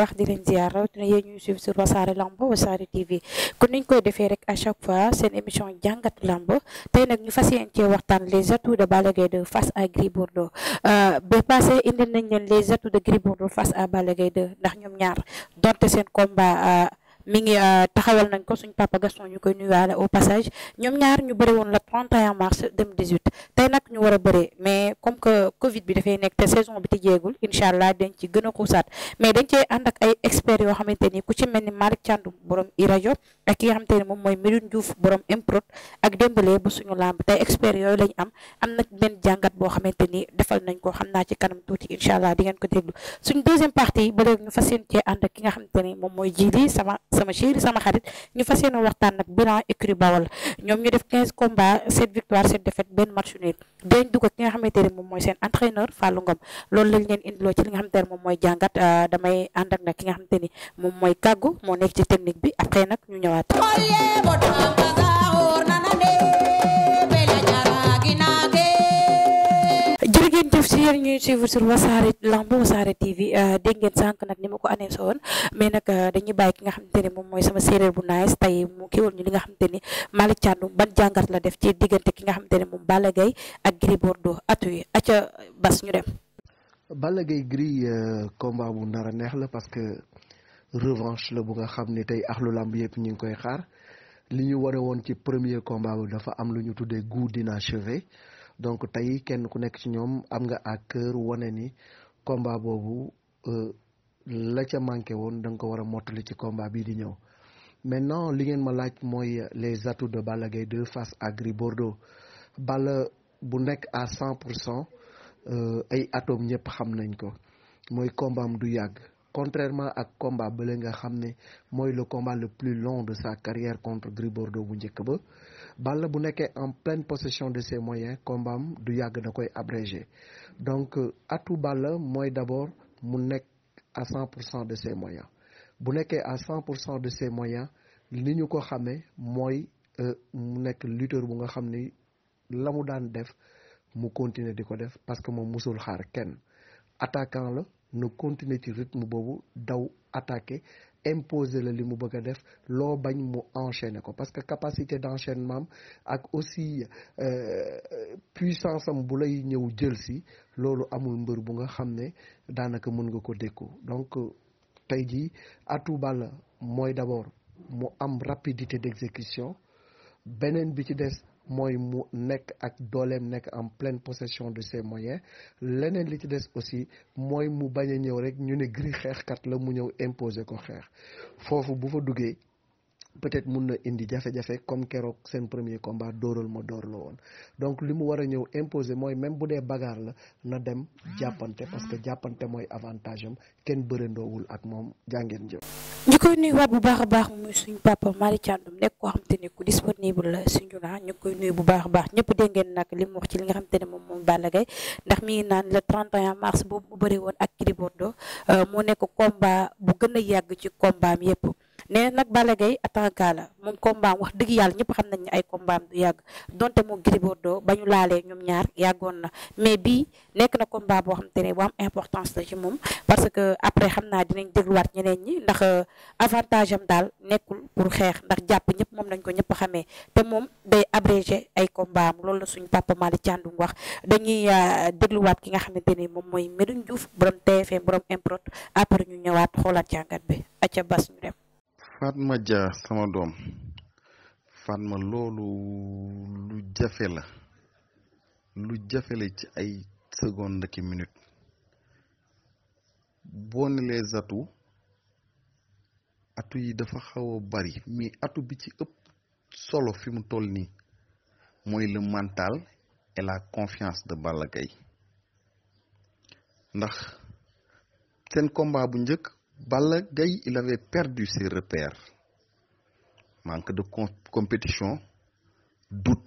baax di leen ziar rawatina yéen ñuy suivre sur wasaare lamb wasaare TV kon niñ koy defee rek à chaque fois seen émission jàngatu lamb tey ñu fas yéene waxtaan les atouts de Balla Gaye face à Gris Bordeaux euh, ba indi nañ leen les de Gris face à Balla Gaye ndax ñoom ñaar donte seen combat euh, mi ngi euh, taxawal nañ ko suñ papa Gaston ñu koy nuyuwaale au passage ñoom ñaar ñu bëri woon la 31 mars 2018 tey nag ñu war a bëri mais comme que Covid bi dafay nekk te saison bi ti jeegul incha allah dañ ci gën xuusaat mais dañ cee ànd ak ay experts yoo xamante ni ku ci mel ni Malick Thiandoum borom i rajo ak ki nga xamante ni moom mooy Medoune Diouf borom improt ak Dembélé bu suñu làmb tey experts yooyu lañ am am nag benn jàngat boo xamante ni defal ko xam naa ci kanam tuuti incha allah di ngeen ko déglu sama chéri sama xarit ñu fas yéene waxtaan nag bilan écurie Bawol ñoom ñu def 15 combats 7 victoires 7 défaites benn match nul dañ dugg ki nga xamante ne moom mooy seen entraîneur Fallou Ngom loolu lañ leen indiloo ci li nga xamante ne moom mooy euh, ni moom mooy kàggu moo nekk ci technique bi après nag ñu ñëwaat si yéen ñuy suivre sur Wassare Lamb Wassare TV euh, dégg ngeen sànq nag ni ma ko annoncé woon mais nag euh, dañuy bàyyi ki nga xamante ne moom mooy sama séeréer bu nice tey mu kiwal ñu li nga xam xamante ni Malick Thiandoum ba jàngat la def ci diggante ki nga xamante ne moom Balla ak Gris Bordeaux atu yi aca bas ñu dem Balla Gris euh, combat bu nar neex la parce que revanche la bu nga xam ni tey axlu làmb yëpp ñu ngi koy xaar li ñu ware woon ci premier combat bi dafa am lu ñu tuddee goût d'inachevé donc tey kenn ku nekk ci ñoom am nga à cœur wane ni combat boobu euh, la ca manqué woon da ko war a mottali ci combat bii di ñëw maintenant li ngeen ma laaj mooy les atouts de bala Gaye 2 face à Gris Bordeaux Balla bu nekk à cent pour euh, ay atome ñëpp xam nañ ko mooy combaam du yàgg contrairement ak combat bale nga xam ne mooy le combat le plus long de sa carrière contre Gris Bordeaux bu njëkk ba Balla bu nekkee en pleine possession de ses moyens kombam du yàgg da koy abrégé donc euh, atu Balla mooy d'abord mu nekk à cent cent de ses moyens bu nekkee à cent pour cent de ses moyens li ñu ko xamee mooy euh, mu nekk lutteur bu nga xam ni la mu daan def mu continuer di ko def parce que moom musul xaar kenn attaquant la nu continuer ci rythme boobu daw attaquer imposer la li mu bëgg a def loo bañ mu enchaîner ko parce que capacité d'enchaînement ak aussi euh, puissance am bu lay ñëw jël si loolu amul mbër bu nga xam ne daanaka mën nga ko dékku donc euh, tey jii atout Balla mooy d'abord mu am rapidité d'exécution beneen bi ci des mooy mu nekk ak dooleem nekk en pleine possession de ses moyens leneen li ci des aussi mooy mu bañ a ñëw rek ñu ne Gris xeexkat la mu ñëw imposer ko xeex foofu bu fa duggee peut-être mun na indi jafe-jafe comme keroog seen premier combat dóoral ma dóor la woon donc li mu war a ñëw imposer mooy même bu dee bagaar la na dem jàppante parce que jàppante mooy avantage am kenn bërandoowul ak moom jàngeen jëf ñu koy nuyuwaat bu baax baax muy suñu papa Malick Thiandoum nekk koo xam te ne la suñu la ñu koy nuyu bu a baax ñëpp dégg ngeen nag li mu wax ci li nga xam te ne moom moom Balla Gaye ndax mi ngi naan le 31 mars boobu mu woon ak Gris Bordeaux euh, moo nekk combat bu gën yàgg ci combat am mais nag Balla Gaye attaquant la moom combat wax dëgg yàlla ñëpp xam nañ ne ay combat am du yàgg donte moo Gris Bordeaux ba ñu laalee ñoom ñaar yàggoon na mais bii nekk na combat boo xam te ne bu importance la ci moom parce que après xam naa dinañ dégluwaat ñeneen ñi ndax euh, avantage am daal nekkul pour xeex ndax jàpp ñëpp moom lañ ko ñëpp xamee te moom day abrégé ay combat am loolu la suñu papa Malick Thiandoum wax dañuy euh, dégluwaat ki nga xamante ne moom mooy Medoune Diouf borom TFM borom improt après ñu ñëwaat xoolaat jàngat bi acca bas ñu dem ma Dia sama doom Fatma loolu lu jafe la lu jafe la ci ay seconde ki minute boo ne les atouts atu yi dafa xaw a bari mais atu bi ci ëpp solo fi mu toll nii mooy le mental et la confiance de Balla Gaye ndax seen combat bu njëkk Balla Gaye il avait perdu ses repères manque de compétition doute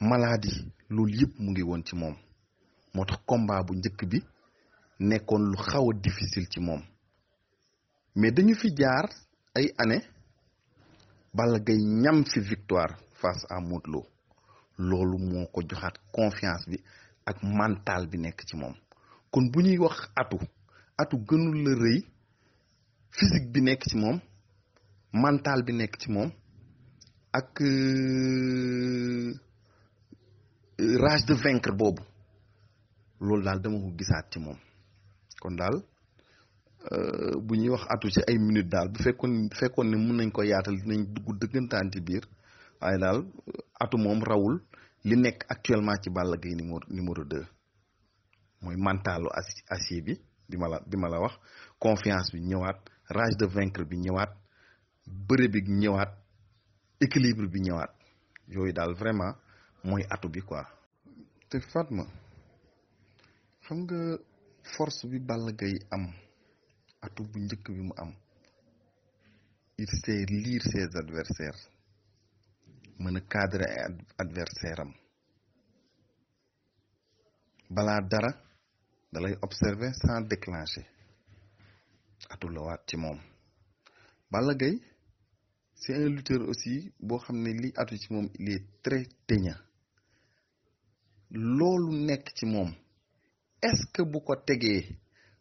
maladie loolu yëpp mu ngi woon ci moom moo tax combat bu njëkk bi nekkoon lu xaw a difficile ci moom mais dañu fi jaar ay années Balla Gaye ñam fi victoire face à Modou loolu moo ko joxaat confiance bi ak mental bi nekk ci moom kon bu ñuy wax atu atu gënul la rëy physique bi nekk ci moom mental bi nekk ci moom ak euh, euh, rage de vaincre boobu loolu daal dama ko gisaat ci moom kon daal euh, bu ñuy wax atu ci ay minutes daal bu fekkoon fekkoon ne mun nañ ko yaatal dinañ dugg dëggantaan ci biir waaye daal atu moom rawul li nekk actuellement ci Balla Gaye numéro numéro deux mooy mentalu acier bi bi ma la bi ma la wax confiance bi ñëwaat rage de vaincre bi ñëwaat bëre bi ñëwaat équilibre bi ñëwaat yooyu daal vraiment mooy atu bi quoi. te Fatma xam nga force bi Balla Gaye am atu bu njëkk bi mu am il sait lire ses adversaires mën a cadrer ay adversaire am balaa dara. dalay observer sans déclencher atulawaat ci moom Balla Gaye c'est un lutteur aussi boo xam ne li atu ci moom il est très teigneux loolu nekk ci moom est-ce que bu ko tegee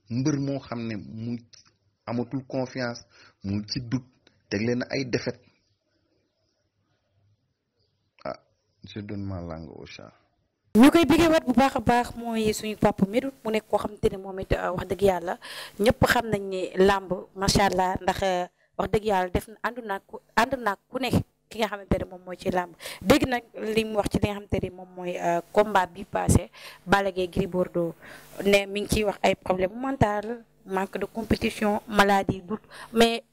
mbër moo xam ne mu amatul confiance mu ngi ci dut tegle na ay défaite ah je donne ma langue au ñu koy béggeewaat bu baax a baax mooy suñu papa Medoune mu nekk koo xamante ne moom it euh, wax dëgg yàlla ñëpp xam nañ ni làmb macha allah ndax euh, wax dëgg yàlla def na ànd naa ku ku ne ki nga xamante ne moom mooy ci làmb dégg nag li mu wax ci li nga xamante ne moom mooy euh, combat bi passé Balla Gaye Gris Bordeaux ne mi ngi ciy wax ay problème mental manque de compétition maladie doute mais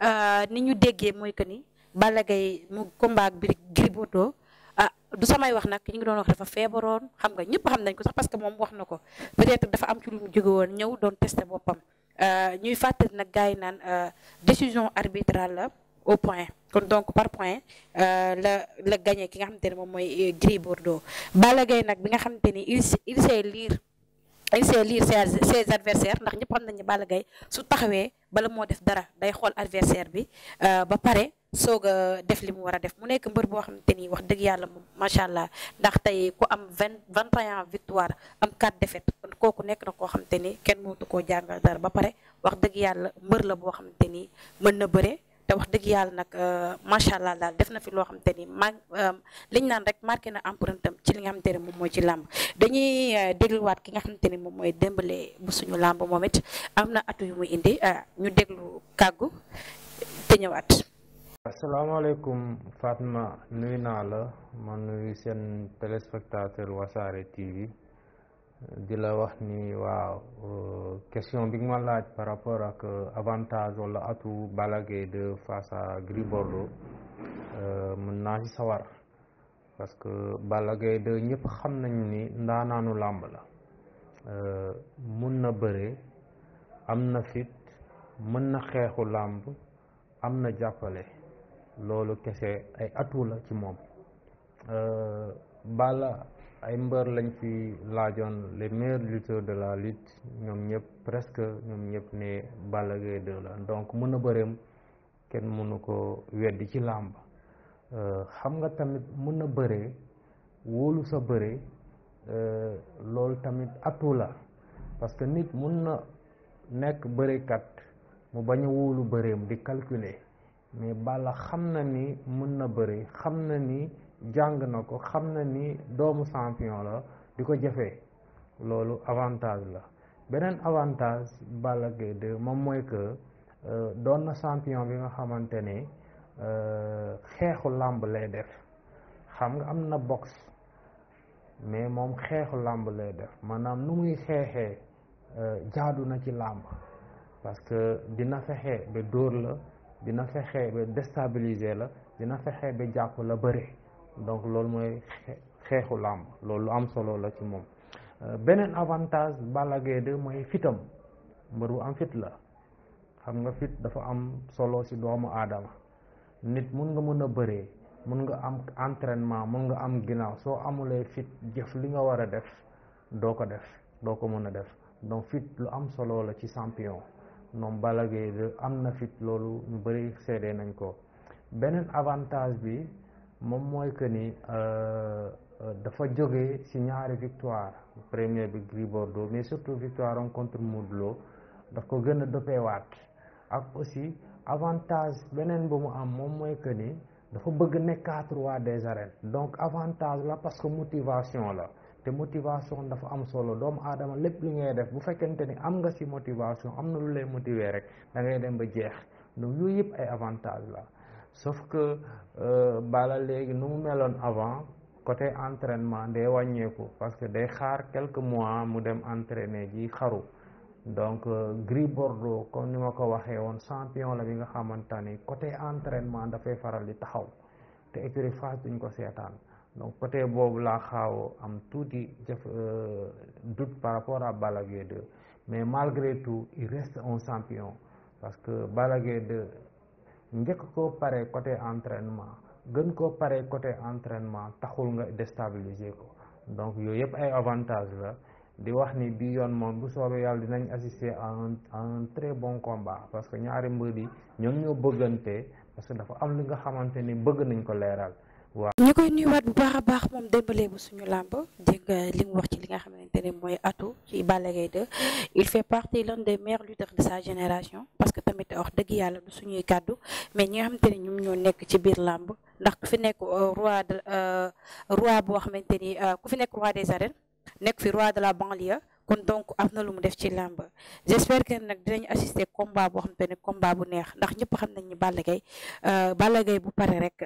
ni ñu déggee mooy que ni Balla Gaye mu combat bi Gris Bordeaux du samay wax nag ñu ngi doon wax dafa feebaroon xam nga ñëpp xam nañ ko sax parce que moom wax na ko peut-être dafa am ci lu mu jóge woon ñëw doon testé boppam euh, ñuy fàttali nag gars yi naan euh, décision arbitrale la au point kon donc par point euh, la la gagné ki nga xamante ne moom mooy Gris Bordeaux Balla Gaye nag bi nga xamante ni il il sait lire il sait lire ses adversaires ndax ñëpp xam nañ ne Balla Gaye su taxawee bala moo def dara day xool adversaire bi ba pare soog def li mu war a def mu nekk mbër boo xamante ni wax dëgg yàlla moom macha allah ndax tey ku am vingt vingt et un am quatre defet kooku nekk na koo xamante ni kenn mootu koo jàngal dara ba pare wax dëgg mbër la boo xamante ni mën na bëre te wax dëgg yàlla nag euh, macha allah daal def na fi loo xamante ni ma euh, liñ naan rek marqué na empreinte ci li nga xamante ne moom mooy ci làmb dañuy euh, dégluwaat ki nga xamante ni moom mooy Dembélé bu suñu làmb moom it am na atu yu muy indi ñu déglu kàggu te ñëwaat. asalaamaaleykum Fatma nuyu naa la ma seen téléspectateur wasaare TV di la wax ni waaw euh, question bi ma laaj par rapport ak euh, avantage wala atu Balla Gaye 2 face Bordeaux euh, mën naa ci sawar parce que Balla Gaye 2 xam nañ ni ndaanaanu làmb la mun na bëre am na fit mën na xeexu làmb am na jàppale loolu kese ay atu la ci moom euh, Balla ay mbër lañ fi laajoon les meilleurs lutteurs de la litte ñoom ñëpp presque ñoom ñëpp ne Balla Gaye 2 la donc mën a bëreem kenn mënu ko weddi ci làmb euh, xam nga tamit mën na bëree wóolu sa bëree euh, loolu tamit atout la parce que nit mun na nekk bëreekat mu bañ a wóolu bëreem di calculer mais Balla xam na ni mën na bëri xam na ni jàng na ko xam na ni doomu champion la di ko jëfee loolu avantage la beneen avantage Balla Gaye 2 moom mooy que euh, doon na champion bi nga xamante ne euh, xeexu làmb lay def xam nga am na box mais moom xeexu làmb lay def maanaam nu muy xeexee euh, jaadu na ci làmb parce que dina fexe ba dóor la dina fexee ba déstabiliser la dina fexee ba jàpp la bëri donc loolu mooy xeexu làmb loolu lu am solo la ci moom euh, beneen avantage Balla Gaye 2 mooy fitam mbër bu am fit la xam nga fit dafa am solo ci doomu aadama nit mun nga mën a bëree mun nga am entrainement mun nga am ginnaaw soo amulee fit jëf li nga war a def doo ko def doo ko mën a def donc fit lu am solo la ci champion non Balla Gaye de am na fit loolu ñu bëri seede nañ ko beneen avantage bi moom mooy que ni euh, euh, dafa jóge ci ñaari victoire première bi Gris Bordeaux mais surtout victoire am contre Modou daf ko gën a dopewaat ak aussi avantage beneen bu mu am moom mooy que ni dafa bëgg nekkaat waa des arènes donc avantage la parce que motivation la te motivation dafa am solo doomu aadama lépp lu ngay def bu fekkente ni am nga ci motivation am na lu lay motiver rek da ngay dem ba jeex donc yooyu yëpp ay avantage la sauf que euh, bala léegi nu mu meloon avant côté entraînement de wàññeeku parce que day xaar quelque mois mu dem entraîner ji xaru donc euh, Gris Bordeaux comme ni ma ko waxee woon champion la bi nga xamante ni côté entraînement dafay faral di taxaw te écurie Fass duñ ko seetaan donc côté boobu laa xaaw am tuuti jëf euh, doute par rapport à Balla Gaye mais malgré tout il reste un champion parce que Balla Gaye 2 njëkk koo pare côté entrainement gën ko pare côté entrainement taxul nga déstabiliser ko donc yooyu yëpp ay avantage la di wax ni bii yoon moom bu soobee yàlla dinañ assister à un à un très bon combat parce que ñaari mbër yi ñoom ñoo bëggante parce que dafa am li nga xamante ni bëgg nañ ko leeral waaw ñu koy nuyuwaat bu baax a baax moom démbalee bu suñu làmb dégg li mu wax ci li nga xamante ne mooy atu ci Balla Gaye 2 il fait partie l'un des meilleurs lutteurs de sa génération parce que tamit wax dëgg yàlla du suñuy kàddu mais ñi nga xamante ne ñoom ñoo nekk ci biir làmb ndax ku fi nekk euh, roi de euh, roi boo xamante ni euh, ku fi nekk roi de arènes nekk fi roi de la banlieue kon donc am na lu mu def ci làmb j'espère que nag dinañ assister combat boo xam te ne combat bu neex ndax ñëpp xam nañ ni Balla Gaye euh, Balla Gaye bu pare rek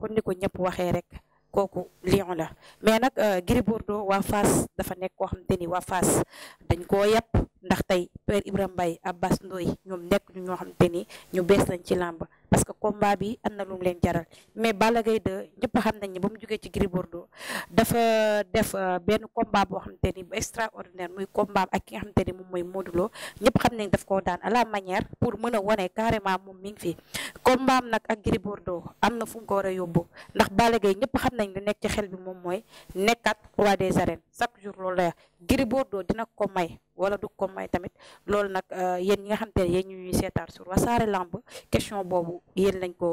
kon euh, ni ko ñëpp waxee rek kooku lion la mais nag euh, Gris Bordeaux waa Fass dafa nekk koo xam te ni waa Fass dañ koo yàpp ndax tey Père Ibrahima Mbaye Abbas Ndoye ñoom nekk ñoo xam te ni ñu bees nañ ci làmb parce que combat bi am na lu leen jaral mais Balla Gaye 2 ñëpp xam nañ ne ba mu jógee ci Gris Bordeaux dafa def euh, benn combat boo xamante ni bu extraordinaire muy combat ak ki nga xamante ni moom mooy Modou Lo ñëpp xam nañ daf ko daan à la manière pour mën a wone carrément moom mi ngi fi combat am nag ak Gris am na fu mu ko war a yóbbu ndax Balla Gaye ñëpp xam nañ lu nekk ci xel bi moom mooy nekkat roi des arènes chaque jour loolu la Gris Bordeaux dina ko may wala du ko tamit loolu nag euh, yen ñi nga xam te ne yéen ñu ñuy seetaar sur Wassare Lamb question boobu yéen lañ ko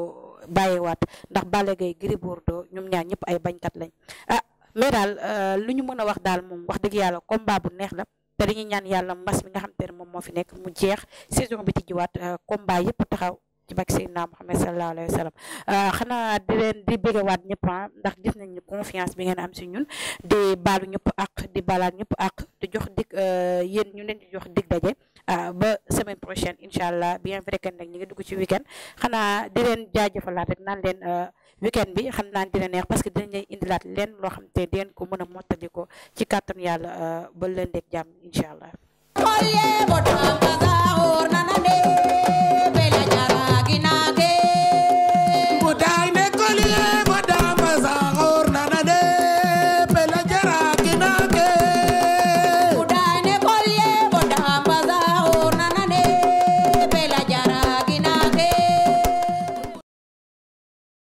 bàyyeewaat ndax Balla Gaye Gris Bordeaux ñoom ñaar ñëpp ay bañkat lañ ah mais daal euh, lu ñu mën a wax daal moom wax dëgg yàlla combat bu neex la te dañuy ñaan yàlla mbas mi nga xam te moom moo fi nekk mu jeex saison bi tijjiwaat euh, combat yëpp taxaw ci barke Seydina Muhammad sallallahu alayhi wa sallam euh, xanaa di leen di bëggewaat ñëpp ah ndax gis nañ ñu confiance bi ngeen am si ñun di baalu ñëpp ak di baalaat ñëpp ak di jox dig euh, yéen ñu leen di jox dig daje euh, ba semaine prochaine incha allah bien vrai que nag ñu ngi dugg ci weekend xanaa di leen jaajëfalaat rek naan leen weekend bi xam naan dina neex parce que dinañ leen indilaat leen loo xam te dinañ ko mën a mottali ko ci kàttan yàlla ba leen deg jàmm incha allah